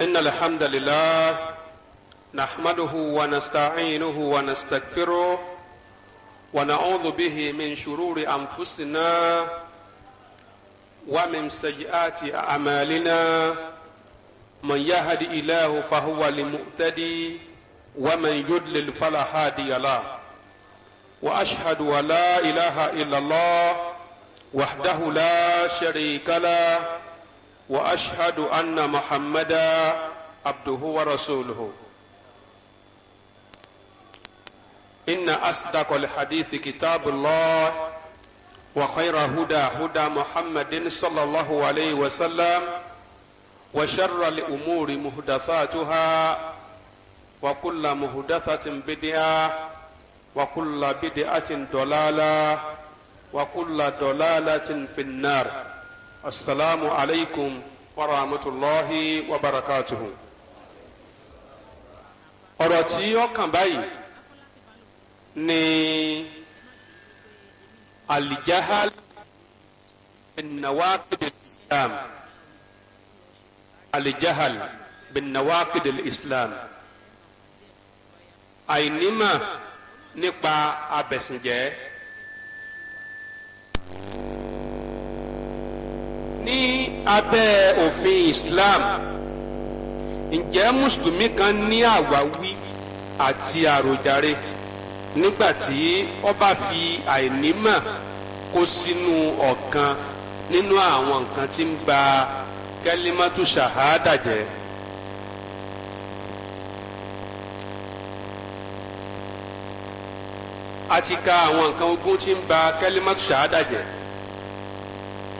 إن الحمد لله نحمده ونستعينه ونستغفره ونعوذ به من شرور أنفسنا ومن سيئات أعمالنا من يهد إله فهو المؤتدي ومن يضلل فلا هادي له وأشهد أن لا إله إلا الله وحده لا شريك له واشهد ان محمدا عبده ورسوله ان اصدق الحديث كتاب الله وخير هدى هدى محمد صلى الله عليه وسلم وشر الامور محدثاتها وكل محدثه بدعه وكل بدعه ضلاله وكل ضلاله في النار asalaamu alaykum wa rahmatulahi wa barakatuhu. ọ̀rọ̀ tí ó kàn báyìí ni alijahal nawaqid al-islam alijahal bin nawaqid islam àìnímọ̀ nípa abẹ̀sìnjẹ́. ní abẹ́ òfin Islam ǹjẹ́ mùsùlùmí kan ní àwáwí àti àròjàre nígbà tí ó bá fi àìnímọ̀ kó sínú ọ̀kan nínú àwọn nǹkan tí ń ba kẹ́límátù ṣàhádà jẹ́. a ti ka àwọn nǹkan ogún tí ń ba kẹ́límátù ṣàhádà jẹ́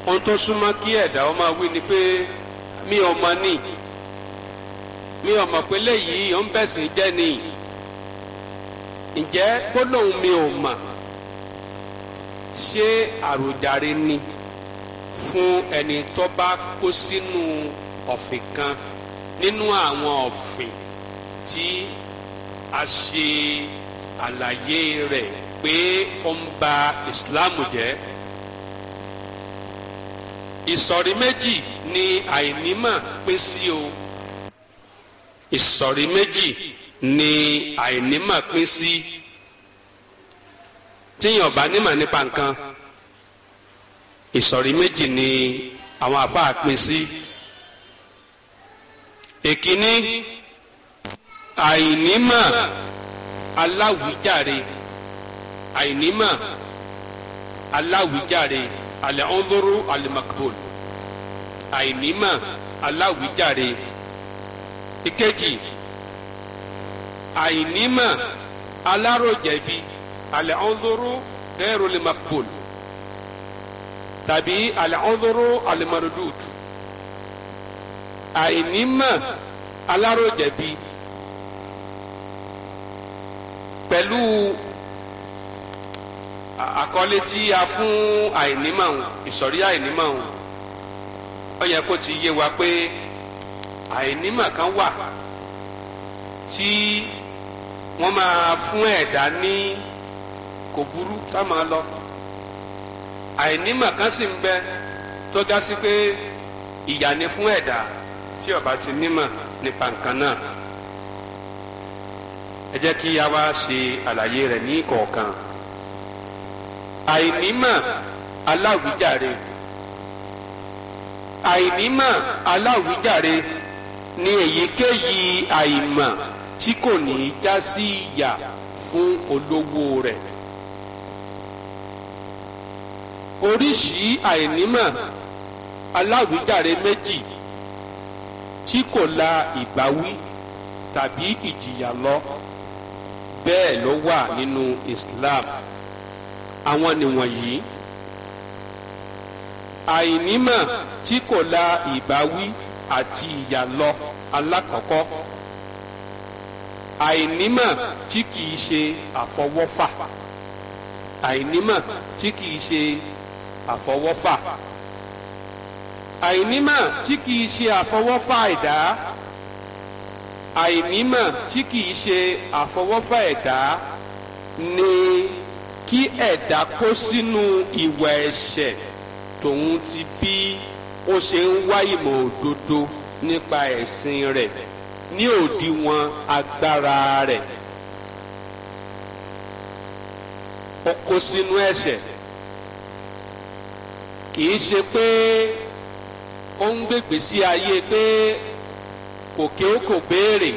ohun tó súnmọ́ kí ẹ̀dá ọ máa wí ni pé mi ò mọ̀ ni mi ò mọ̀ pé léyìí ò ń bẹ̀sìn jẹ́ ni ǹjẹ́ gbólóhùn mi ò mọ̀ ṣé àròjàre ni fún ẹni tó bá kó sínú ọ̀fìn kan nínú àwọn ọ̀fìn tí a ṣe àlàyé rẹ̀ pé ó ń ba ìsìláàmù jẹ́ ìsọ̀rí méjì ni àìnímọ̀ pín sí o ìsọ̀rí méjì ni àìnímọ̀ pín sí tíyàn bá nímọ̀ nípa nǹkan ìsọ̀rí méjì ni àwọn àfáà pín sí èkíní àìnímọ̀ aláwíjàre àìnímọ̀ aláwíjàre al-udhru al-maqbul àìnímọ̀ aláwíjàre ìkejì àìnímọ̀ alárojẹ̀bi al-udhru ghayru al-maqbul tàbí al-udhru al-mardud àìnímọ̀ alárojẹ̀bi pẹ̀lú àkọlé tí a fún àìnímọ̀ ìsọ̀rí àìnímọ̀ ó yẹ kó ti yé wa pé àìnímọ̀ kan wà tí wọ́n máa fún ẹ̀dá ní kò burú tá a máa lọ àìnímọ̀ kan sì ń bẹ tó ga sí pé ìyà ni fún ẹ̀dá tí ó ti nímọ̀ nípa nǹkan náà ẹ jẹ́ kí a wá ṣe àlàyé rẹ̀ ní kọ̀ọ̀kan àìnímọ̀ aláwíjàre àìnímọ̀ aláwíjàre ni èyíkéyìí àìmọ̀ tí kò ní í já sí ìyà fún olówó rẹ̀ oríṣìí àìnímọ̀ aláwíjàre méjì tí kò la ìbáwí tàbí ìjìyà lọ bẹ́ẹ̀ ló wà nínú Islam àwọn nìwọ̀nyí àìnímọ̀ tí kò la ìbáwí àti ìyà lọ alákọ̀ọ́kọ́ àìnímọ̀ tí kìí ṣe àfọwọ́fà àìnímọ̀ tí kìí ṣe àfọwọ́fà àìnímọ̀ tí kìí ṣe àfọwọ́fà ẹ̀dá àìnímọ̀ tí kìí ṣe àfọwọ́fà ẹ̀dá ni kí ẹ̀dá kó sínú ìwà ẹ̀ṣẹ̀ tòun ti bí ó ṣe ń wá ìmọ̀ òdodo nípa ẹ̀sìn rẹ̀ ní òdiwọ̀n agbára rẹ̀ ó kó sínú ẹ̀ṣẹ̀ kì í ṣe pé ó ń gbègbè sí ayé pé òkè ó kò béèrè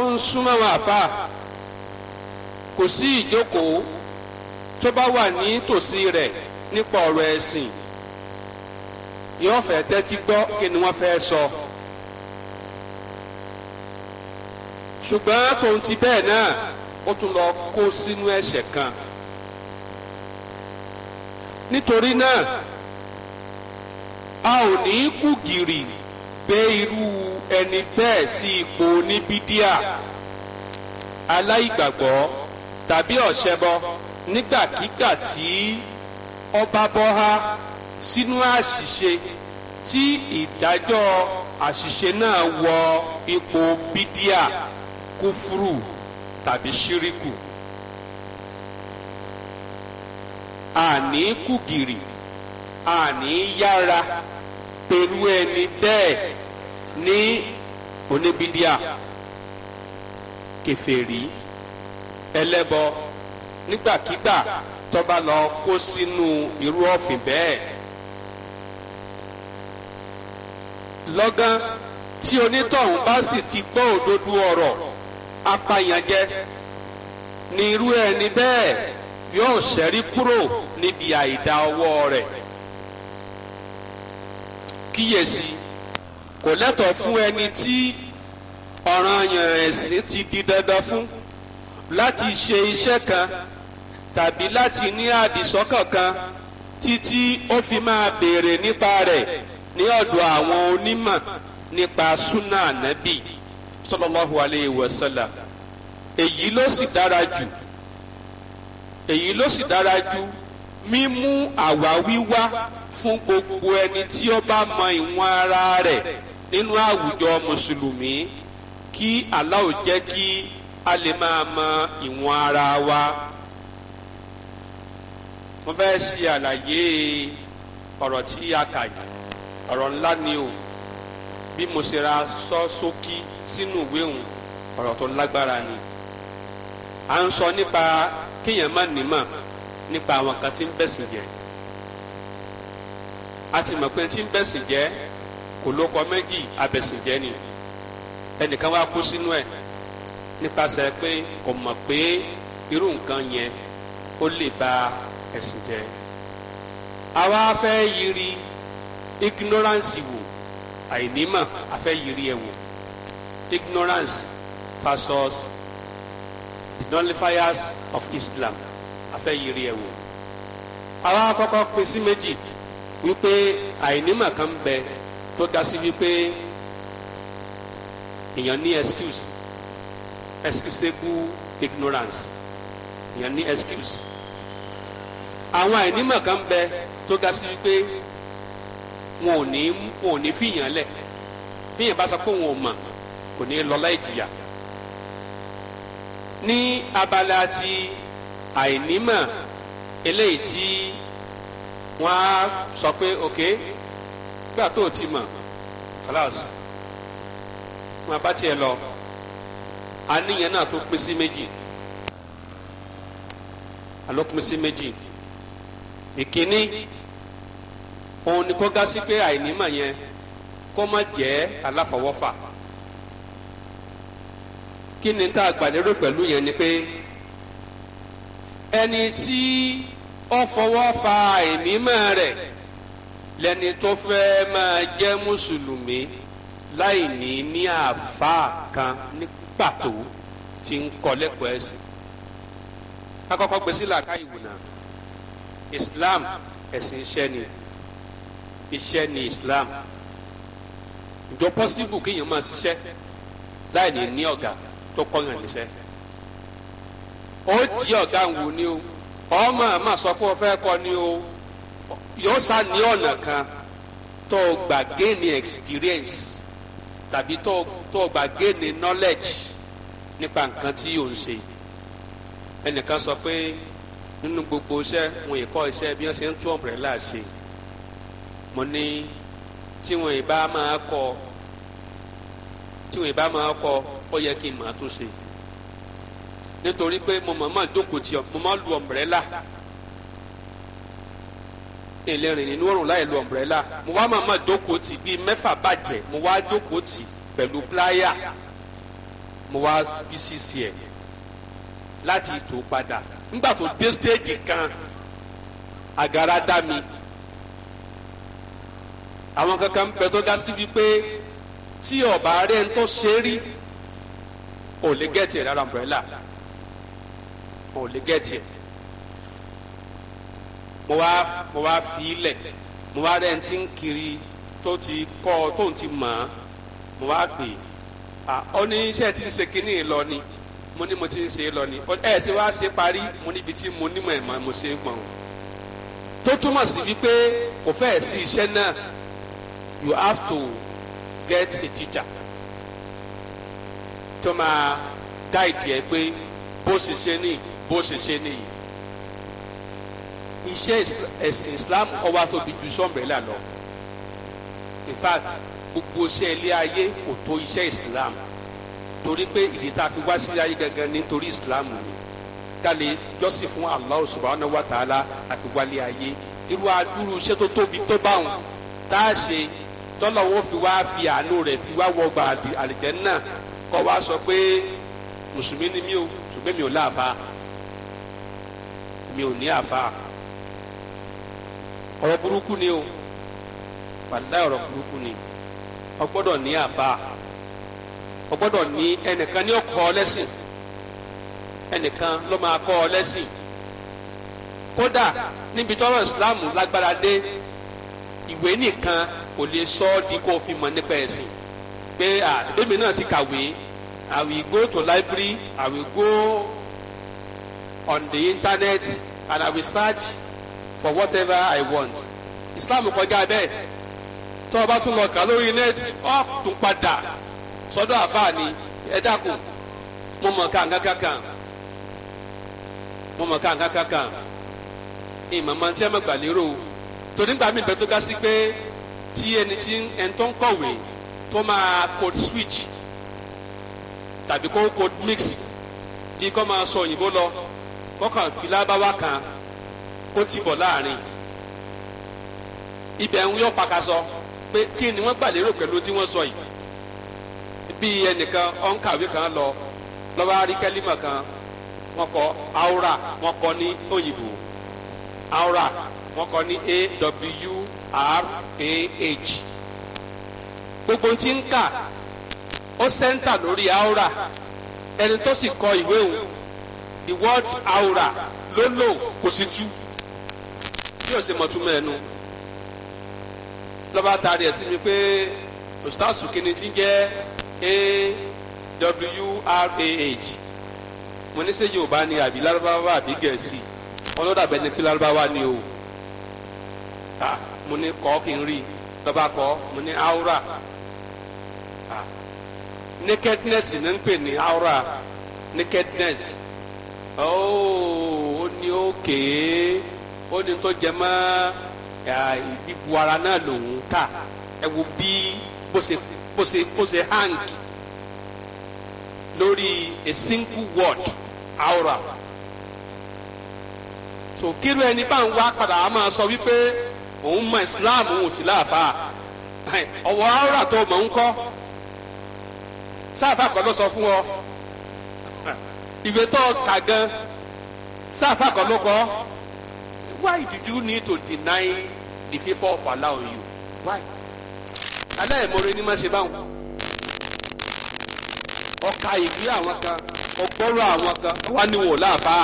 ó ń súnmọ́ àwọn kò sí ìjókòó tó bá wà ní tòsí rẹ̀ nípa ọ̀rọ̀ ẹ̀sìn yóò fẹ́ tẹ́tí gbọ́ kí ni wọ́n fẹ́ sọ. ṣùgbọ́n tòun ti bẹ́ẹ̀ náà ó tún lọ kó sínú ẹ̀ṣẹ̀ kan. nítorí náà a ò ní kú gìrì gbé irú ẹni bẹ́ẹ̀ sí ipò oníbídíà aláìgbàgbọ́. tàbí ọ̀ṣẹbọ nígbàkigbà tí ọba bọ́há sínú àṣìṣe tí ìdájọ́ àṣìṣe náà wọ ipò bídíà kúfúrú tàbí ṣíríkù. àní kùgìrì àní yára pẹ̀lú ẹni bẹ́ẹ̀ ní oníbídíà kèfèrí ẹlẹ́bọ nígbàkigbà tó bá lọ kó sínú irú ọ̀fìn bẹ́ẹ̀. lọ́gán tí onítọ̀hún bá sì ti gbọ́ òdodo ọ̀rọ̀ apàyànjẹ ni irú ẹni bẹ́ẹ̀ yóò ṣẹ́rí kúrò níbi àìdá ọwọ́ rẹ̀ kíyèsí kò lẹ́tọ̀ọ́ fún ẹni tí ọ̀ranyàn ẹ̀sìn ti di dandan fún láti ṣe iṣẹ́ kan tàbí láti ní àdìsọ́kàn kan títí ó fi máa béèrè nípa rẹ̀ ní ọ̀dọ̀ àwọn onímọ̀ nípa súnà ànábì sallallahu alayhi wa sallam èyí ló sì dára jù èyí ló sì dára jù mímú àwáwí wá fún gbogbo ẹni tí ó bá mọ ìwọ̀n ara rẹ̀ nínú àwùjọ mùsùlùmí kí Allah ó kí a lè máa mọ ìwọ̀n ara wa mo fẹ́ ṣe àlàyé ọ̀rọ̀ tí a kà yìí ọ̀rọ̀ ńlá ni o bí mo ṣe ra sọ sókí sínú ìwé òun ọ̀rọ̀ tó lágbára ni à ń sọ nípa kéèyàn má nímọ̀ nípa àwọn kan tí ń bẹ̀sìn jẹ́ a ti mọ̀ pé tí ń bẹ̀sìn jẹ́ kò lóko méjì abẹ̀sìn jẹ́ ni ẹnìkan wá kú sínú ẹ̀ nípasẹ̀ pé kò mọ̀ pé irú nǹkan yẹn ó lè ba ẹ̀sìn jẹ́ àwa fẹ́ yiri ignorance wò àìnímọ̀ a fẹ́ yiri ẹ̀ wò ignorance versus the nullifiers of Islam a fẹ́ yiri ẹ̀ wò àwa kọ́kọ́ pín sí méjì wípé àìnímọ̀ kan bẹ tó ga sí wípé èèyàn ní excuse excusable ignorance ìyẹn ní excuse àwọn àìnímọ̀ kan bẹ tó ga sí pé wọn ò ní wọn ò ní fìyàn lẹ̀ fìyàn bá sọ pé wọn ò mọ̀ kò ní lọ láì jìyà ní abala ti àìnímọ̀ eléyìí tí wọ́n á sọ pé ok gbà tó o ti mọ̀ class wọn bá tiẹ̀ lọ àníyàn náà tó pín sí méjì àló pín sí méjì ìkíní òun ni kó gásí pé àìnímọ̀ yẹn kó má jẹ́ aláfọwọ́fà kí ni tá a gbà lérò pẹ̀lú yẹn ni pé ẹni tí ó fọwọ́ fa àìnímọ̀ rẹ̀ lẹni tó fẹ́ máa jẹ́ mùsùlùmí láì ní ní àáfàá kan nípa pàtó tí ń kọ́ lẹ́kọ̀ọ́ ẹ̀sìn akọ́kọ́ gbèsè làkà ìwònà Islam ẹ̀sìn iṣẹ́ ni iṣẹ́ ni Islam ìjọ pọ́sibù kéèyàn máa ṣiṣẹ́ láì ní ní ọ̀gá tó kọ́yàn níṣẹ́ ó jí ọ̀gá ń wò ni o ọmọ àmà sọ pé o fẹ́ kọ́ ni o yóò sá ní ọ̀nà kan tó gbà gain experience tàbí tó tó gbà géènì knowledge nípa nǹkan tí ò ń ṣe ẹnìkan sọ pé nínú gbogbo iṣẹ́ wọn ìkọ́ iṣẹ́ bí wọ́n ṣe ń tún ọ̀mbrẹ́là ṣe mo ní tí wọn ìbá máa kọ tí wọn ìbá máa kọ ó yẹ kí n máa tún ṣe nítorí pé mo mọ̀ọ́mọ̀ dókòtì mo máa lu ọ̀mbrẹ́là ẹlẹ́rìn nínú ọ̀rùn láì lo ọ̀mbrẹ́là mo wá màmá jókòó tì bíi mẹ́fà bàjẹ́ mo wá jókòó tì pẹ̀lú pláyà mo wá bí sísì ẹ̀ láti tó padà nígbà tó dé stéèjì kan àgàrà dá mi àwọn kankan bẹ tó ga sí wípé tí ọba rẹ ń tó ṣe rí ò lè gẹ̀ẹ́tì ẹ̀ lára ọ̀mbrẹ́là ò lè gẹ̀ẹ́tì ẹ̀ mo wá mo wá fi í lẹ̀ mo wá rẹ̀ ń ti ń kiri tó ti kọ́ tó ń ti mọ̀ ọ́ mo wá pè é ó ní iṣẹ́ tí ń ṣe kínní lọ ni mo ní mo ti ń ṣe lọ ni ẹ ṣe wá ṣe parí mo níbi tí mo nímọ̀ ẹ̀ mo ṣe é pọ̀n tó túmọ̀ sí wípé kò fẹ́ẹ̀ sí iṣẹ́ náà you have to get a teacher tó máa guide ẹ pé bó ṣe ṣe nìyí bó ṣe ṣe nìyí iṣẹ́ ẹ̀sìn islam ọwọ́ àtòbí ju sọ́mbrẹ́là lọ in fact gbogbo iṣẹ́ ilé ayé kò tó iṣẹ́ islam torí pé ìdí tá a fi wá sí ayé gangan nítorí islam ni ká lè jọ́sìn fún allah subhanahu wa ta'ala àti wálé ayé irú adúrú iṣẹ́ tó tóbi tó báwọn tá a ṣe tọ́lọ̀ wọn fi wá fi àánú rẹ̀ fi wá wọgbà àlìjẹ́nnà kọ́ wa sọ pé mùsùlùmí ni mí o ṣùgbọ́n mi ò láàfà mi ò ní àfà ọ̀rọ̀ burúkú ni o wàláì ọ̀rọ̀ burúkú ni o ní àbá o ní ẹnìkan ní ó kọ́ ẹnìkan ló máa kọ́ ọ kódà níbi tọ́rọ̀ Islam lágbára dé ìwé nìkan kò lè sọ ọ́ di kó o fi mọ̀ nípa ẹ̀sìn pé àdébí náà ti kàwé I will go to library I will go on the internet and I will search for whatever I want Islam kọjá bẹ́ẹ̀ tó o tún lọ kà lórí nẹ́ẹ̀tì ọ́ tún padà sọ́dọ̀ àfáà ẹ dákun mo mọ̀ ká nǹkan kankan mo mọ̀ ká nǹkan kankan ìmọ̀ máa ń tí ẹ mọ̀ gbà lérò torí gbà mí bẹ́ẹ̀ tó ga sí pé tí ẹni tí ẹni tó ń kọ̀wé tó máa code switch tàbí kó code mix bí kò máa sọ òyìnbó lọ kọ́kàn fìlà bá wà kan ó ti bọ̀ láàrin ibẹ̀ ń yọ pakasọ pé kí ni wọ́n gbà lérò pẹ̀lú tí wọ́n sọ yìí bí ẹnìkan ọ̀nkàwé kan lọ lọ́ba rí kan wọ́n kọ aura wọ́n kọ ní òyìnbó aura wọ́n kọ ní awrah gbogbo tí ń kà ó sẹ́ńtà lórí aura ẹni tó sì kọ ìwé òun the word aura ló lò kò sí tú bí o ṣe mọ túmọ̀ ẹnu lọ́ba taari ẹ̀ sí mi pé ustaz kìíní ti ń jẹ́ awrah mo ní ṣé yorùbá ni àbí lárúbáwá àbí gẹ̀ẹ́sì wọn ló dàbẹ̀ ni pé lárúbáwá ni o ta mo ní kọ́ kí n rí lọ́ba kọ́ mo ní aura nakedness ní ń pè ní aura nakedness ooo oh, ó ní ó kéé. Okay ó ní tó jẹ mọ́ ìbíbu ara náà lòun kà ẹ wo bí bó ṣe hang lórí a single word aura so kírú ẹni bá ń wá padà á máa sọ wípé òun mọ Islam òun ò sí láàfáà ọ̀wọ́ aura tó mọ ń kọ́ sáàfà kọ́ ló sọ fún ọ ìwé tó kà gan sáàfà kọ́ ló why did you need to deny the favour of Allah on you why aláìmoore ni máa ṣe báwọn ọ̀ka ìwé àwọn kan ọgbọ́rọ̀ àwọn kan wá ní wò láàbá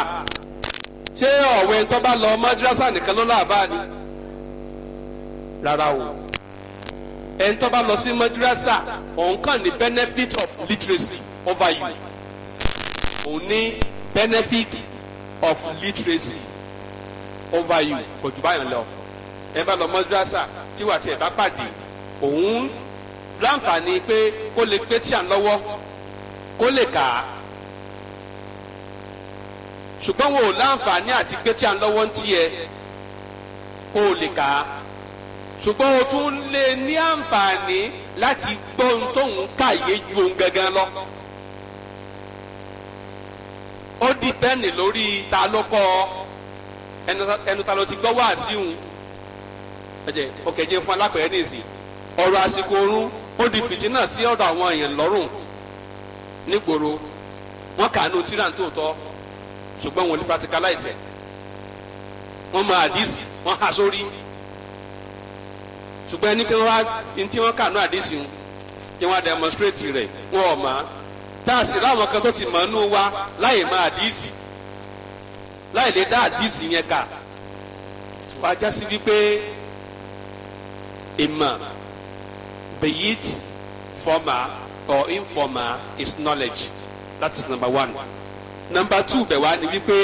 ṣé ọ̀wẹ́ tó bá lọ madrasa nìkan ló láàbá ni rárá o ẹni tó bá lọ sí madrasa òun kàn ní benefit of literacy over you òun ní benefit of literacy over you kò jù báyọ̀ lọ ẹ bá lọ mọ́dúrásà tí wàá tiẹ̀ bá pàdé òun láǹfààní pé kó lè pé tíà lọ́wọ́ kó lè kà á ṣùgbọ́n wo láǹfààní àti pé tíà lọ́wọ́ ń tiẹ̀ kó lè kà á ṣùgbọ́n o tún lè ní àǹfààní láti gbọ́ ohun tóun kàyé ju ohun gangan lọ ó dìpẹ́ndì lórí ta ló ọ ẹnu ta ló ti gbọ́ wá sí òun ẹ̀jẹ̀ ọkẹ̀ jẹ́ fún alápẹ̀rẹ́ nìsí ọ̀rọ̀ àsìkò oorun ó di fìtínà sí ọ̀dọ̀ àwọn èèyàn lọ́rùn nígboro wọn kàánú tíra tó tọ́ ṣùgbọ́n wọn ò ní practicalize ẹ̀ wọn mọ àdìsí wọn há sórí ṣùgbọ́n ẹni kí wọ́n wá ní tí wọ́n kàánú àdìsí wọn kí wọ́n á demonstrate rẹ̀ wọn ò mọ̀ tá a sì láwọn kan tó ti mọ̀ ọ́nú wa láì mọ àdìsí láì lè dá àdìsí yẹn kà wá jásí wípé ìmọ̀ be it formal or informal is knowledge that is number one number two bẹ̀ wá ni wípé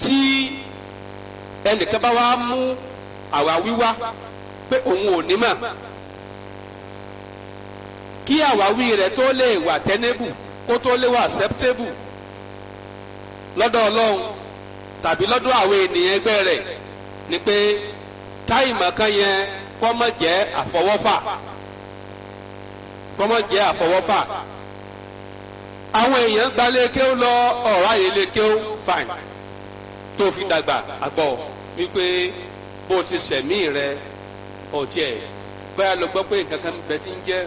tí ẹnìkan bá wá mú àwa wíwá pé òun ò ní mọ̀ kí àwáwí rẹ̀ tó lè wà tẹ́nẹ́bù kó tó lè wà acceptable lọ́dọ̀ ọlọ́run tàbí lọ́dọ̀ àwọn ènìyàn ẹgbẹ́ rẹ̀ ni pé táìmọ̀ kan yẹn kọ́mọ jẹ́ àfọwọ́fà kọ́mọ jẹ́ àfọwọ́fà àwọn èèyàn gba lọ ọ̀rọ̀ àyè lékeu fain tó fi dàgbà àgbọ̀ wípé bó ti sẹ̀mí rẹ ọ̀tí báyà lọ gbọ́ pé nǹkan kan bẹ ti jẹ́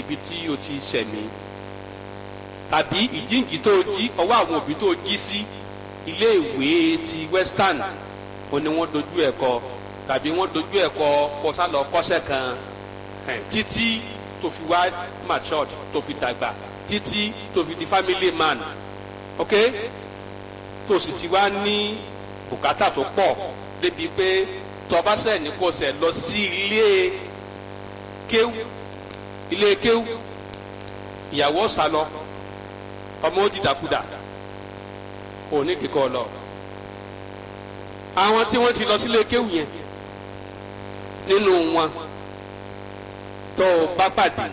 ibi tí o ti tàbí ìjíǹkí tó jí ọwọ́ àwọn òbí tó jí sí iléèwé ti western ó ní wọ́n dojú ẹ̀ kọ tàbí wọ́n dojú ẹ̀ kọ kó kan títí tó fi wá matured tó fi dàgbà títí tó fi di family man ok tó sì ti wá ní bùkátà tó pọ̀ débi pé tọba sẹ ní kò lọ sí ilé kéwú ilé kéwú ìyàwó sálọ ọmọ ó dìdàkudà òní kíkọ́ lọ àwọn tí wọ́n ti lọ sílé kéwù yẹn nínú wọn tó o bá pàdé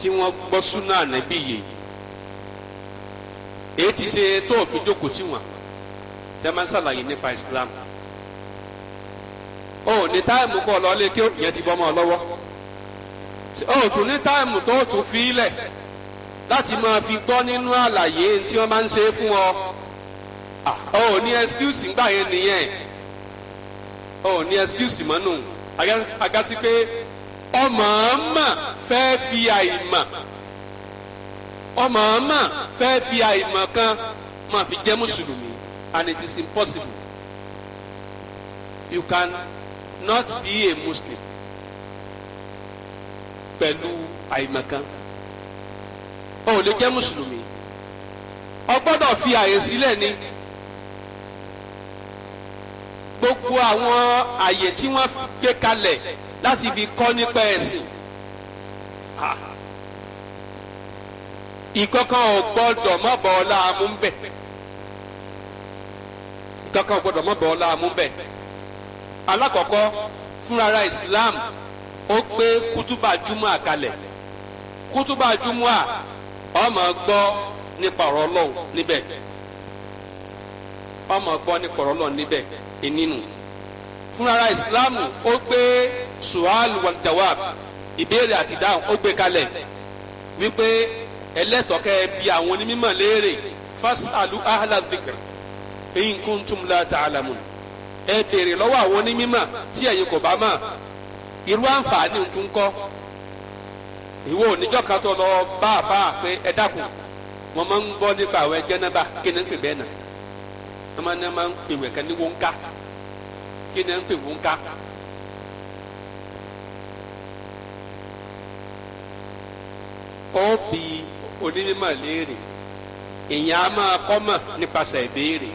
tí wọ́n gbọ́ súnà ànábì yìí èyí ti ṣe tó o jókòó tí wọn tẹ́ máa nípa Islam o ní táìmù kọ́ ọ lọ lé kéwù yẹn ti bọ́ ọmọ ọ lọ́wọ́ o tún ní táìmù tó tún fi í lẹ̀ láti máa fi gbọ́ nínú àlàyé tí wọ́n máa ń ṣe fún ọ ọ ah, ò ní excuse ńgbà yẹn nìyẹn ọ ò ní excuse mọ́nù agasi pé ọmọọmọ fẹ́ fi àìmọ̀ ọmọọmọ fẹ́ fi àìmọ̀ kan máa fi jẹ́ mùsùlùmí and it is impossible you can not be a muslim pẹ̀lú àìmọ̀ kan ó lè jẹ́ mùsùlùmí ó gbọ́dọ̀ fi àyè sílẹ̀ ni gbogbo àwọn àyè tí wọ́n gbé kalẹ̀ láti fi kọ́ nípa ẹ̀sìn ìkọ̀kan ò gbọ́dọ̀ mọ́ bọ́ ọ láàmú ń bẹ̀ ìkọ̀kan ò gbọ́dọ̀ mọ́ bọ́ ọ láàmú ń bẹ̀ alákọ̀ọ́kọ́ fúnrara Islam ó gbé kútúbà júmọ́ àkalẹ̀ kútúbà júmọ́ à ọmọ gbọ́ nípa ọ̀rọ̀ ọlọ́run níbẹ̀ ọmọ gbọ́ nípa ọ̀rọ̀ ọlọ́run níbẹ̀ ìnínú fúnra ìsìláàmù ó gbé suhal wàlùdáwàb ìbéèrè àti ìdáhùn ó gbé kalẹ̀ wípé ẹlẹ́tọ̀ọ́kẹ́ bí àwọn onímọ̀ léèrè fasalu ahla dhikr in kuntum la ta'lamun ẹ béèrè lọ́wọ́ àwọn onímọ̀ tí ẹ̀yin kò bá mọ̀ irú àǹfààní ìwọ oníjọ́ kan tó lọ bá àfa pé ẹ dákun wọn máa ń gbọ́ nípa àwọn ẹjẹ́ náà bá kí ni ń pè bẹ́ẹ̀ nà wọn máa ń máa ń pè wẹ̀kẹ́ ní wọ́nká kí ni ń pè wọ́nká. ó bi onímọ̀ léèrè ìyẹn a máa kọ́ mọ̀ nípasẹ̀ ìbéèrè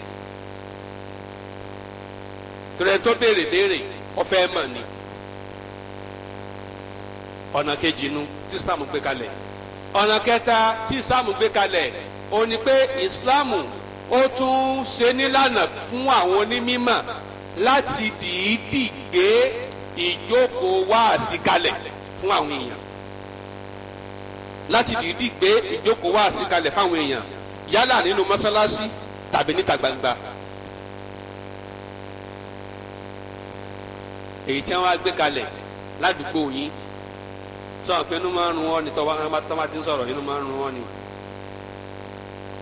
tòlẹ́tò béèrè béèrè ọ̀fẹ́ mọ̀ ni ọ̀nà kejì nu tí islam gbé kalẹ̀ ọ̀nà kẹta tí islam gbé kalẹ̀ ó ní pé islam ó tún ṣe nílànà fún àwọn onímọ̀ láti dìídì gbé ìjókòó wáàsí kalẹ̀ fún àwọn èèyàn láti dìídì gbé ìjókòó wáàsí kalẹ̀ fáwọn èèyàn yálà nínú mọ́sálásí tàbí níta gbangba. èyí tí wọ́n á gbé kalẹ̀ ládùúgbò yín sọ àpé inú máa ń run wọn ni tọ́wọ́ tọ́wọ́ ti ń sọ̀rọ̀ inú máa ń run wọn ni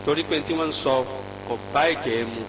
torí pé tí wọ́n ń sọ kò bá ìjẹ́ mu.